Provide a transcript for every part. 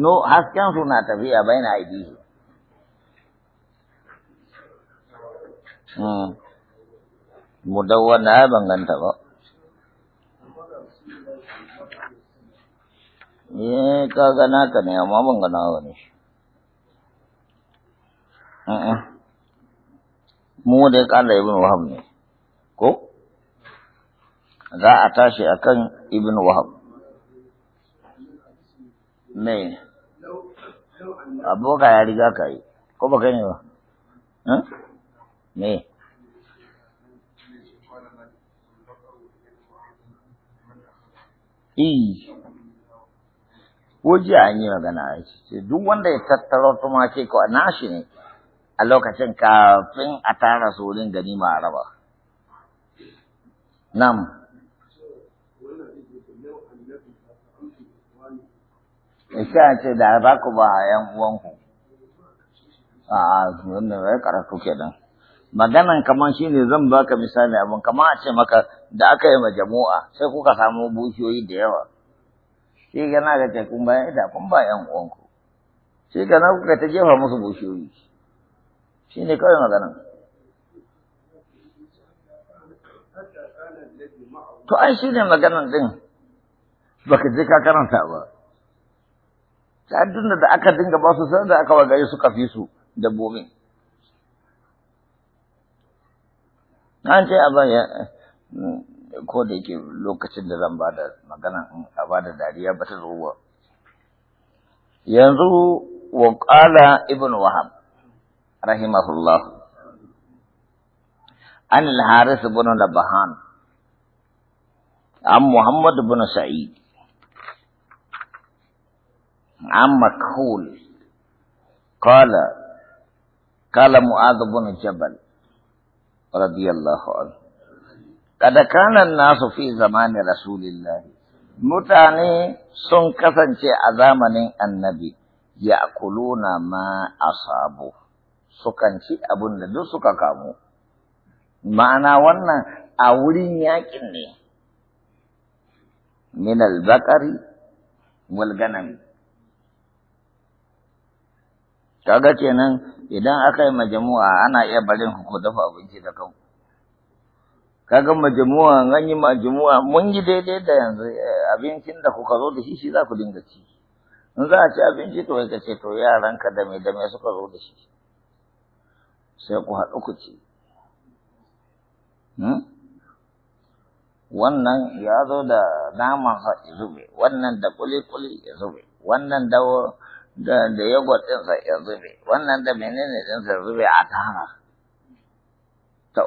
no hasken su na tafiya bai hmm. na aidihi mudawwana ya banganta ba ye Eh kaga naka ne amma ban gana wani mu da kala ibin wahab ne ko za a tashi akan ibin wahab me aboka ya riga ka yi ko ba kai ne ba me i waje an yi magana a ce duk wanda ya tattaro ce ko nashi ne a lokacin kafin a tara su wurin ganima a raba nam Eh, sai a ce da za ku ba a yan uwanku a'a wanda ya karatu kenan maganan kaman ne zan baka misali abin kamar a ce maka da aka yi majamu'a sai kuka samu bushiyoyi da yawa sai gana ga ce kun bayan ita kun ba yan uwanku sai gana kuka ta jefa musu bushiyoyi ne kawai maganan to ai shine maganan din baka je ka karanta ba dinda da aka dinga ba su sanar da aka wagaye su kafi su dabbobin an ce a baya ko da yake lokacin da zan bada magana in a bada dariya ba ta zo ba yanzu wa qala ibn wahab rahimahullah an al-haris ibn labahan an muhammad ibn sa'id عن مكحول قال قال معاذ بن جبل رضي الله عنه قد كان الناس في زمان رسول الله متاني سن كسنشي أزامن النبي يأكلون ما أصابوا سكنشي أبن لدو سككامو معنى وانا أولين يكني من البقر والغنم kaga kenan idan aka yi majamu'a ana iya barin ku dafa abinci da kanku kaga majamu'a an yi majamu'a mun yi daidai da yanzu eh, abincin da kuka zo da shi shi za ku dinga ci in za a ci abinci to ka ce to yaranka da me da me suka zo da shi sai ku haɗu ku ci hmm? wannan ya zo da naman zube wannan da kuli-kuli ya zube wannan da da da yogurt ya zube wannan da menene ɗinsa zube a tara to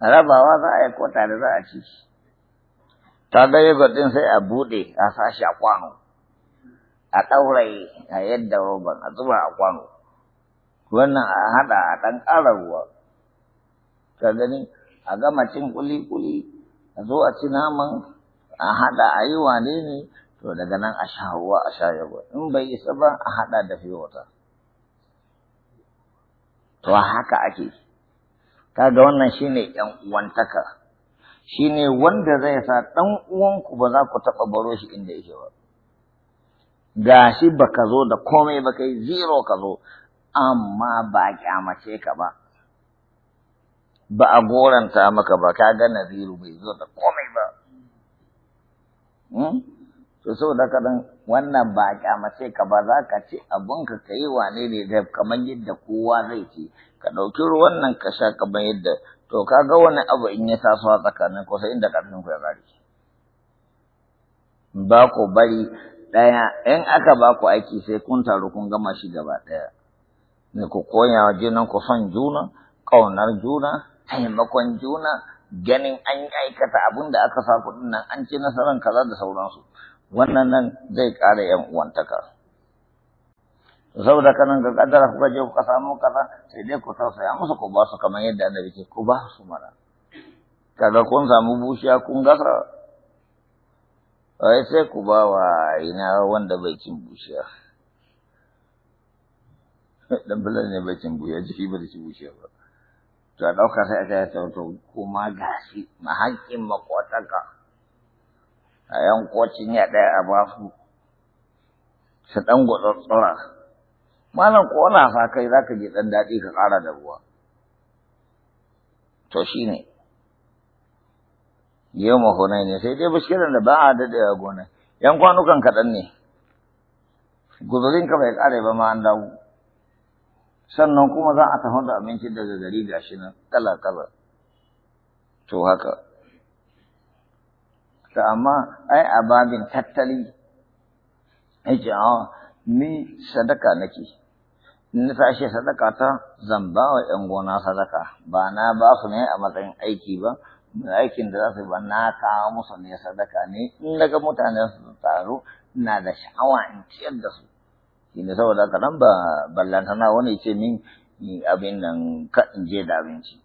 rabawa za a yi ko da za a ci ta ga yogurt ɗin sai a buɗe a sashi a kwano a ɗauraye a yadda roban a zuba a kwano wannan a haɗa a ɗan ƙara ruwa ka gani a gama cin kuli-kuli a zo a ci naman a haɗa a yi wane ne to daga nan a sha hawa a sha yabo in bai isa ba a haɗa da wata, to haka ake kaga wannan shine yan uwantaka shine wanda zai sa ɗan uwanku ba za ku taɓa baro shi inda yake ba gashi baka zo da komai ba kai zero ka zo amma ba kyamace ka ba ba a goranta maka ba ka ga naziru bai zo da komai ba hmm? to saboda haka wannan ba sai ka ba za ka ci abun ka kai wane ne da kamar yadda kowa zai ci ka ɗauki ruwan nan ka sha kamar yadda to ka ga wani abu in ya taso a tsakanin ko sai inda ƙarfin ku ya ƙare ba ku bari ɗaya in aka ba ku aiki sai kun taru kun gama shi gaba ɗaya ne ku koya wa junan ku son juna ƙaunar juna taimakon juna ganin an aikata abun da aka sa kuɗin nan an ci nasarar kaza da sauransu wannan nan zai ƙara ‘yan uwantaka. Saboda kanan ga ƙaddara kuka je kuka samu kaza sai dai ku tausaya musu ku ba su kamar yadda annabi ke ku ba su mara. Kaga kun samu bushiya kun gasa wai sai ku ba wa ina wanda bai cin bushiya. Dan bulan ne bai cin bushiya jiki bai cin bushiya ba. To a ɗauka sai aka yi sauto kuma gashi mahaƙin makwataka. a yankocin ya ɗaya a basu su ɗan gwatsattsura malam na fa kai za ka ji ɗan daɗi ka ƙara da ruwa to shi ne yau mahonai ne sai dai bashkiran da ba a daɗewa gona yan kwanukan kaɗan ne guzurinka bai ƙare ba ma an dawo sannan kuma za a tafi da abinci daga gari gashi nan kala-kala to haka To amma ai a babin tattali yake a ah, ni sadaka nake. Na tashi sadaka ta zan ba wa ‘yan gona sadaka, ba na ba su ne a matsayin aiki ba, aikin da za su ba na kawo musu ne sadaka ne, in daga mutane su taru na da sha'awa in ciyar da su. Shi ne saboda haka nan ba ballantana wani ce min abin nan ka in je da abinci.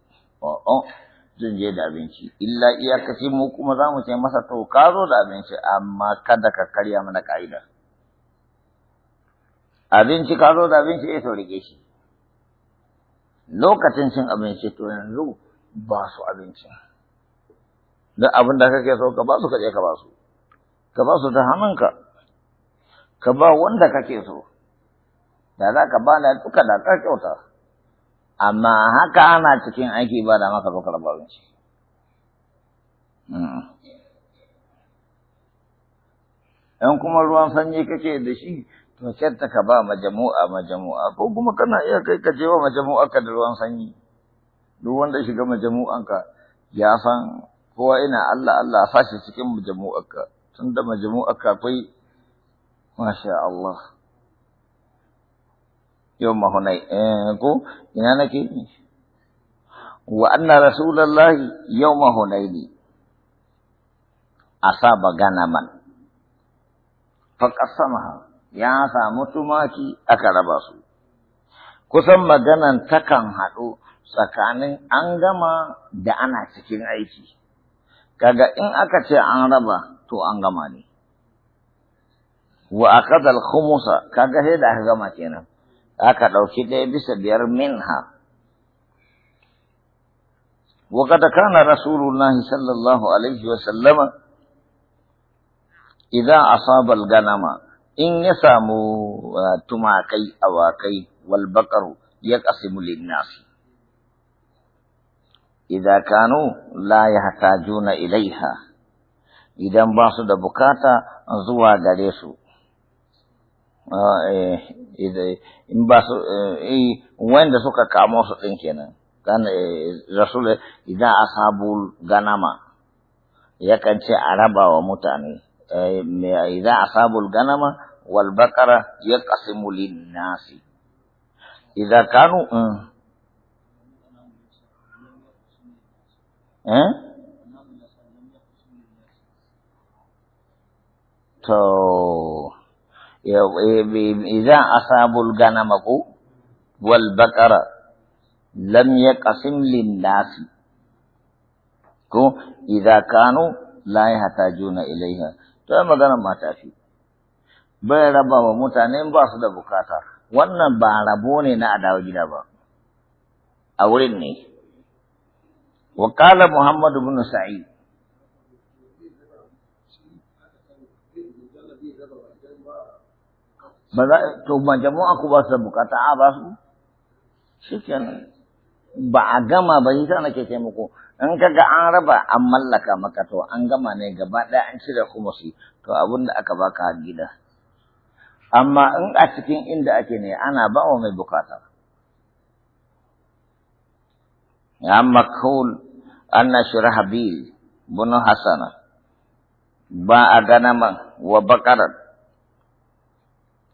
zai je da abinci illa iyakaci mu kuma za mu ce masa to ka zo da abinci amma kada ka karya mana ka'ida abinci ka zo da abinci ya eh, saurike shi lokacin cin abinci to yanzu ba su abinci duk abin da kake so ka ba su ka ka ba su ka ba su ta hannunka ka ba wanda kake so da za ka ba na duka da ka kyauta amma haka ana cikin aiki ba da maka zo ka raba yan kuma ruwan sanyi kake da shi to kyatta ka ba majamu'a majamu'a ko kuma kana iya kai ka je wa majamu'a ka da ruwan sanyi duk wanda shiga majamu'an ka ya san kowa ina Allah Allah sashi cikin majamu'ar ka tunda majamu'ar ka akwai masha Allah yawma hunay ko ina nake wa anna rasulullahi yawma hunayni man. ganaman faqasamaha ya samu tumaki aka raba su kusan maganan takan haɗu tsakanin an gama da ana cikin aiki kaga in aka ce an raba to an gama ne wa aqada al-khumsa kaga sai da aka gama kenan aka ɗauki ɗaya bisa biyar minha وقد كان رسول الله صلى الله عليه وسلم إذا أصاب الغنم إن يساموا تماكي أواكي والبقر يقسم للناس إذا كانوا لا يحتاجون إليها إذا باسوا دبكاتا زوا غريسو in ba suka kamo su ɗin kenan kan rasul ashabul ganama yakan ce a wa mutane idan ashabul ganama wal baqara lin nasi idan kanu eh to idan asabul ganama ko wal baqara lam yaqsim lin nasi ko idza kanu la juna ilaiha to magana ma tafi bai raba wa mutane ba su da bukata wannan ba rabo ne na adawa gida ba a wurin ne وقال Muhammadu bin سعيد ba za to ba jama'a ku ba su bukata a ba su ba a gama ba yasa nake ke muku in ga an raba an mallaka maka to an gama ne gaba ɗaya an cire su to abin da aka baka a gida amma in a cikin inda ake ne ana ba wa mai bukata amma kawul na shi rahabi bunu hasana ba a ganama wa bakarar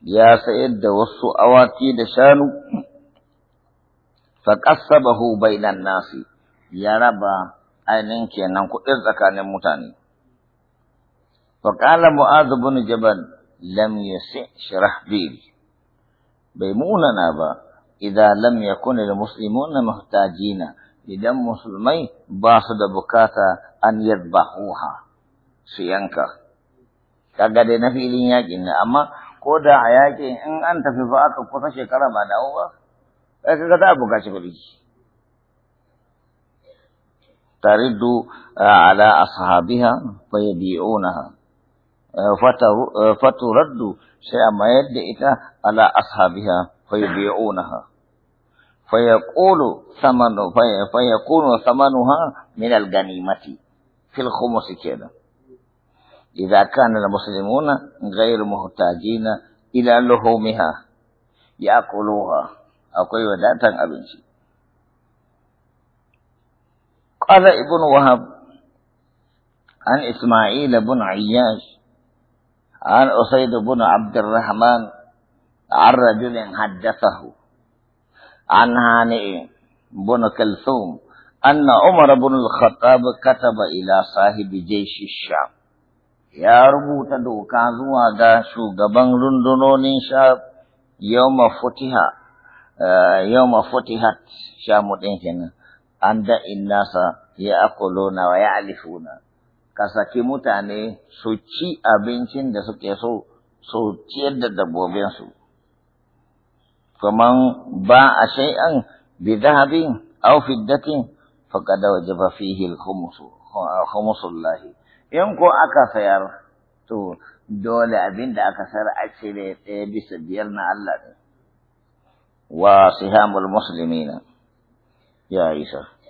ya sayar da wasu awaki da shanu faƙasabahu bainan nasi ya raba ainin kenan kuɗin tsakanin mutane faƙala mu'adhu bin jabal lam yasi shrah bi bai munana ba idan lam yakun al muslimun muhtajina idan musulmai ba su da bukata an yadbahuha su yanka kaga dai na filin yaƙin ne amma ko da a yaƙi in an tafi ba aka kusa shekara ba dawo ba sai kaga za a buƙaci kuɗi taridu ala ashabiha fa yabi'unaha faturaddu sai a mayar da ita ala ashabiha fa yabi'unaha fa yaqulu samanu fa yakunu samanuha min al-ganimati fil khumus kenan إذا كان المسلمون غير محتاجين إلى لحومها يأكلوها كي وداتا أبنشي قال ابن وهب عن إسماعيل بن عياش عن أسيد بن عبد الرحمن عن رجل حدثه عن هانئ بن كلثوم أن عمر بن الخطاب كتب إلى صاحب جيش الشام ya rubuta doka zuwa ga shugaban rundunonin sha yau futiha eh, yau futihat sha ɗin kenan an da nasa ya na wa ya alifuna ka saki mutane su ci abincin da suke so su ciyar da dabbobinsu kaman ba a shay'an bi zahabin aw fiddatin faqad wajaba fihi al-khums khumsullahi in ko aka sayar to dole abin da aka sayar a cire ɗaya bisa biyar na Allah ne wa sihamul na, ya isa